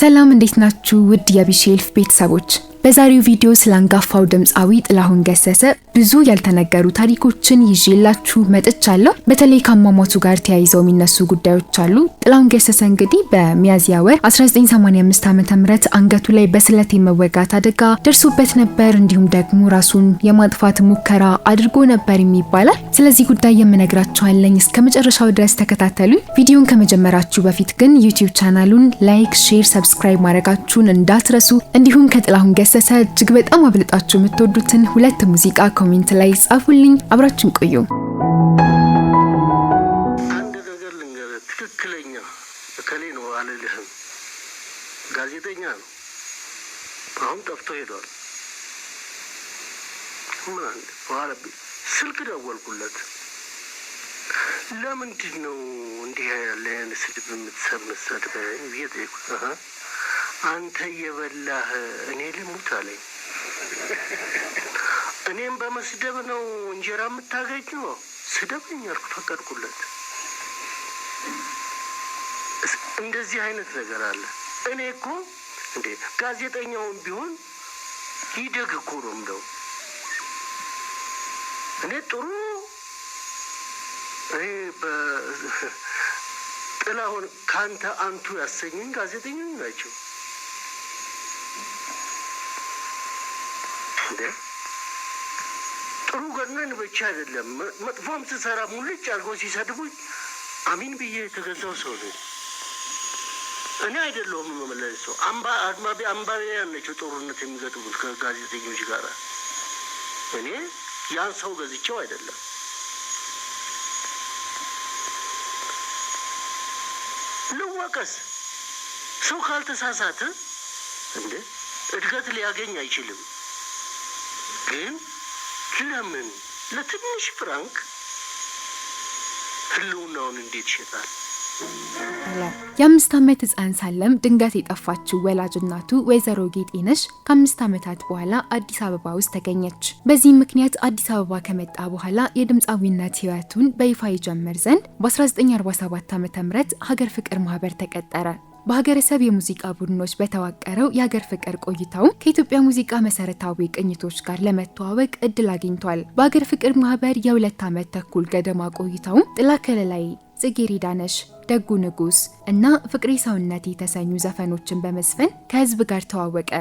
ሰላም እንዴት ናችሁ? ውድ የቢሼልፍ ቤተሰቦች በዛሬው ቪዲዮ ስለ አንጋፋው ድምፃዊ ጥላሁን ገሰሰ ብዙ ያልተነገሩ ታሪኮችን ይዤላችሁ መጥቻለሁ። በተለይ ከአሟሟቱ ጋር ተያይዘው የሚነሱ ጉዳዮች አሉ። ጥላሁን ገሰሰ እንግዲህ በሚያዝያ ወር 1985 ዓ.ም አንገቱ ላይ በስለት የመወጋት አደጋ ደርሶበት ነበር። እንዲሁም ደግሞ ራሱን የማጥፋት ሙከራ አድርጎ ነበር የሚባላል። ስለዚህ ጉዳይ የምነግራችኋለኝ። እስከ መጨረሻው ድረስ ተከታተሉ። ቪዲዮን ከመጀመራችሁ በፊት ግን ዩቲዩብ ቻናሉን ላይክ፣ ሼር፣ ሰብስክራይብ ማድረጋችሁን እንዳትረሱ እንዲሁም ከጥላሁን ከፈሰሰ እጅግ በጣም አብልጣችሁ የምትወዱትን ሁለት ሙዚቃ ኮሜንት ላይ ጻፉልኝ። አብራችን ቆዩ። አንድ ነገር ልንገርህ፣ ትክክለኛ እከሌ ነው አልልህም። ጋዜጠኛ ነው፣ አሁን ጠፍቶ ሄዷል። ስልክ ደወልኩለት። ለምንድን ነው እንዲህ ያለ ስድብ የምትሰብ መሰድ አንተ እየበላህ እኔ ልሙት አለኝ። እኔም በመስደብ ነው እንጀራ የምታገኘው። ስደበኝ አልኩት፣ ፈቀድኩለት። እንደዚህ አይነት ነገር አለ። እኔ እኮ እንዴ ጋዜጠኛውን ቢሆን ይደግ እኮ ነው የምለው። እኔ ጥሩ እኔ ከአንተ አንቱ ያሰኝን ጋዜጠኞች ናቸው። ጥሩ ገነን ብቻ አይደለም መጥፎም ስሰራ ሙልጭ አድርጎ ሲሰድቡኝ አሚን ብዬ የተገዛው ሰው ነኝ። እኔ አይደለሁም የምመለሰው። አንባቢ አንባቢያን ናቸው ጦርነት የሚገጥሙት ከጋዜጠኞች ጋር። እኔ ያን ሰው ገዝቼው አይደለም። ልወቀስ። ሰው ካልተሳሳተ እንደ እድገት ሊያገኝ አይችልም። ግን ለምን ለትንሽ ፍራንክ ህልውናውን እንዴት ይሸጣል? የአምስት ዓመት ህፃን ሳለም ድንገት የጠፋችው ወላጅ እናቱ ወይዘሮ ጌጤነሽ ከአምስት ዓመታት በኋላ አዲስ አበባ ውስጥ ተገኘች። በዚህም ምክንያት አዲስ አበባ ከመጣ በኋላ የድምፃዊነት ህይወቱን በይፋ ይጀምር ዘንድ በ1947 ዓ ም ሀገር ፍቅር ማህበር ተቀጠረ። በሀገረሰብ የሙዚቃ ቡድኖች በተዋቀረው የሀገር ፍቅር ቆይታው ከኢትዮጵያ ሙዚቃ መሰረታዊ ቅኝቶች ጋር ለመተዋወቅ እድል አግኝቷል። በሀገር ፍቅር ማህበር የሁለት ዓመት ተኩል ገደማ ቆይታው ጥላ ከለላይ፣ ጽጌረዳነሽ፣ ደጉ ንጉስ እና ፍቅሬ ሰውነት የተሰኙ ዘፈኖችን በመዝፈን ከህዝብ ጋር ተዋወቀ።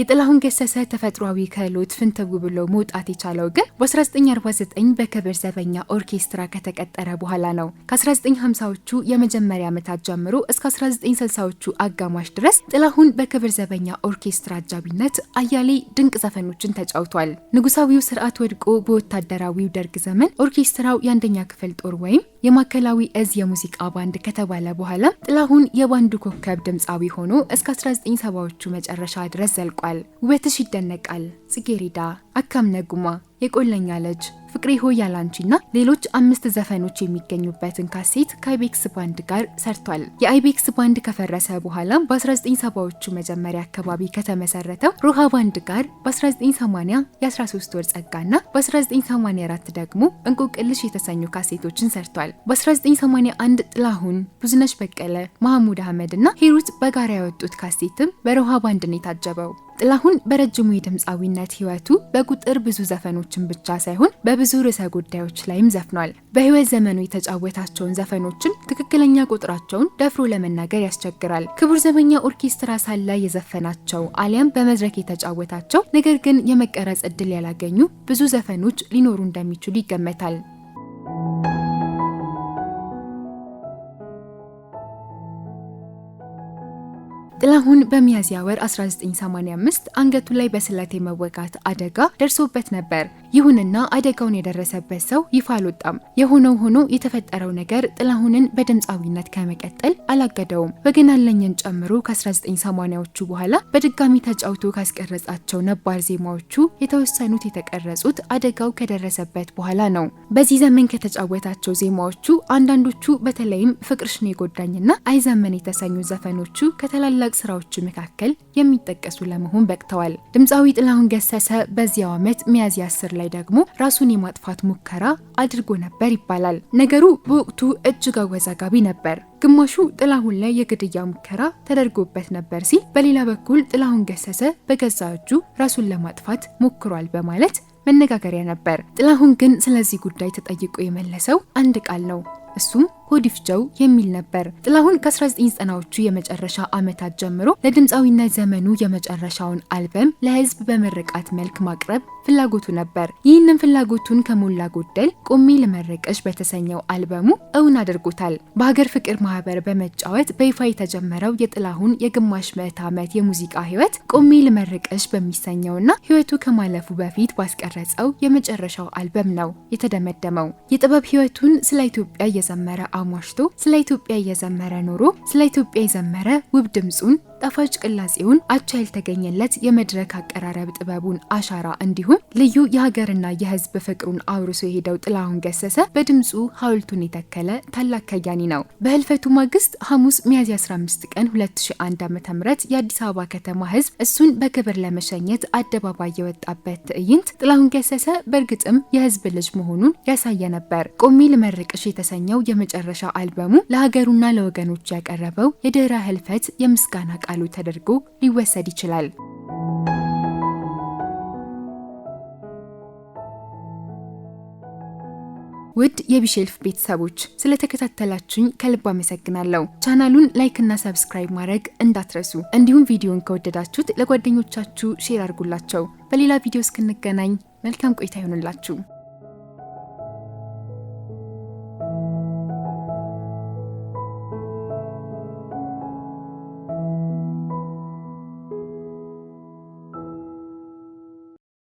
የጥላሁን ገሰሰ ተፈጥሯዊ ክህሎት ፍንትው ብሎ መውጣት የቻለው ግን በ1949 በክብር ዘበኛ ኦርኬስትራ ከተቀጠረ በኋላ ነው። ከ1950ዎቹ የመጀመሪያ ዓመታት ጀምሮ እስከ 1960ዎቹ አጋማሽ ድረስ ጥላሁን በክብር ዘበኛ ኦርኬስትራ አጃቢነት አያሌ ድንቅ ዘፈኖችን ተጫውቷል። ንጉሳዊው ስርዓት ወድቆ በወታደራዊው ደርግ ዘመን ኦርኬስትራው የአንደኛ ክፍል ጦር ወይም የማዕከላዊ እዝ የሙዚቃ ባንድ ከተባለ በኋላ ጥላሁን የባንዱ ኮከብ ድምፃዊ ሆኖ እስከ 1970ዎቹ መጨረሻ ድረስ ዘልቋል። ይደነቋል፣ ውበትሽ ይደነቃል። ጽጌሬዳ አካም ነጉማ የቆለኛ ልጅ፣ ፍቅሬ ሆይ ያላንቺ እና ሌሎች አምስት ዘፈኖች የሚገኙበትን ካሴት ከአይቤክስ ባንድ ጋር ሰርቷል። የአይቤክስ ባንድ ከፈረሰ በኋላ በ1970ዎቹ መጀመሪያ አካባቢ ከተመሰረተው ሮሃ ባንድ ጋር በ1980 የ13 ወር ጸጋና በ1984 ደግሞ እንቁቅልሽ የተሰኙ ካሴቶችን ሰርቷል። በ1981 ጥላሁን፣ ብዙነሽ በቀለ፣ መሐሙድ አህመድ እና ሂሩት በጋራ ያወጡት ካሴትም በሮሃ ባንድ ነው የታጀበው። ጥላሁን በረጅሙ የድምፃዊነት ህይወቱ በቁጥር ብዙ ዘፈኖች ዘፈኖችን ብቻ ሳይሆን በብዙ ርዕሰ ጉዳዮች ላይም ዘፍኗል። በህይወት ዘመኑ የተጫወታቸውን ዘፈኖችም ትክክለኛ ቁጥራቸውን ደፍሮ ለመናገር ያስቸግራል። ክቡር ዘበኛ ኦርኬስትራ ሳላ የዘፈናቸው አሊያም በመድረክ የተጫወታቸው ነገር ግን የመቀረጽ እድል ያላገኙ ብዙ ዘፈኖች ሊኖሩ እንደሚችሉ ይገመታል። ጥላሁን በሚያዝያ ወር 1985 አንገቱ ላይ በስለት የመወጋት አደጋ ደርሶበት ነበር። ይሁንና አደጋውን የደረሰበት ሰው ይፋ አልወጣም። የሆነው ሆኖ የተፈጠረው ነገር ጥላሁንን በድምፃዊነት ከመቀጠል አላገደውም። ወገን አለኝን ጨምሮ ከ1980ዎቹ በኋላ በድጋሚ ተጫውቶ ካስቀረጻቸው ነባር ዜማዎቹ የተወሰኑት የተቀረጹት አደጋው ከደረሰበት በኋላ ነው። በዚህ ዘመን ከተጫወታቸው ዜማዎቹ አንዳንዶቹ በተለይም ፍቅርሽን የጎዳኝና አይዘመን የተሰኙ ዘፈኖቹ ከተላላቅ ከትልልቅ ስራዎቹ መካከል የሚጠቀሱ ለመሆን በቅተዋል። ድምፃዊ ጥላሁን ገሰሰ በዚያው ዓመት ሚያዝያ 10 ላይ ደግሞ ራሱን የማጥፋት ሙከራ አድርጎ ነበር ይባላል። ነገሩ በወቅቱ እጅግ አወዛጋቢ ነበር። ግማሹ ጥላሁን ላይ የግድያ ሙከራ ተደርጎበት ነበር ሲል፣ በሌላ በኩል ጥላሁን ገሰሰ በገዛ እጁ ራሱን ለማጥፋት ሞክሯል በማለት መነጋገሪያ ነበር። ጥላሁን ግን ስለዚህ ጉዳይ ተጠይቆ የመለሰው አንድ ቃል ነው። እሱም ሆዲፍጀው የሚል ነበር። ጥላሁን ከ1990ዎቹ የመጨረሻ ዓመታት ጀምሮ ለድምፃዊነት ዘመኑ የመጨረሻውን አልበም ለህዝብ በምርቃት መልክ ማቅረብ ፍላጎቱ ነበር። ይህንን ፍላጎቱን ከሞላ ጎደል ቆሜ ልመረቀሽ በተሰኘው አልበሙ እውን አድርጎታል። በሀገር ፍቅር ማህበር በመጫወት በይፋ የተጀመረው የጥላሁን የግማሽ ምዕት ዓመት የሙዚቃ ህይወት ቆሜ ልመረቀሽ በሚሰኘውና ህይወቱ ከማለፉ በፊት ባስቀረጸው የመጨረሻው አልበም ነው የተደመደመው። የጥበብ ህይወቱን ስለ ኢትዮጵያ እየዘመረ አሟሽቶ ስለ ኢትዮጵያ እየዘመረ ኖሮ ስለ ኢትዮጵያ የዘመረ ውብ ድምፁን ጣፋጭ ቅላጼውን አቻ ያልተገኘለት የመድረክ አቀራረብ ጥበቡን አሻራ እንዲሁም ልዩ የሀገርና የሕዝብ ፍቅሩን አውርሶ የሄደው ጥላሁን ገሰሰ በድምፁ ሐውልቱን የተከለ ታላቅ ከያኒ ነው። በህልፈቱ ማግስት ሐሙስ ሚያዝያ 15 ቀን 2001 ዓ.ም የአዲስ አበባ ከተማ ሕዝብ እሱን በክብር ለመሸኘት አደባባይ የወጣበት ትዕይንት ጥላሁን ገሰሰ በእርግጥም የሕዝብ ልጅ መሆኑን ያሳየ ነበር። ቆሚ ልመርቅሽ የተሰኘው የመጨረሻ አልበሙ ለሀገሩና ለወገኖች ያቀረበው የድህረ ህልፈት የምስጋና ቃል ቃሉ ተደርጎ ሊወሰድ ይችላል። ውድ የቢሼልፍ ቤተሰቦች ስለተከታተላችሁኝ ከልብ አመሰግናለሁ። ቻናሉን ላይክ እና ሰብስክራይብ ማድረግ እንዳትረሱ፣ እንዲሁም ቪዲዮን ከወደዳችሁት ለጓደኞቻችሁ ሼር አድርጉላቸው። በሌላ ቪዲዮ እስክንገናኝ መልካም ቆይታ ይሆንላችሁ።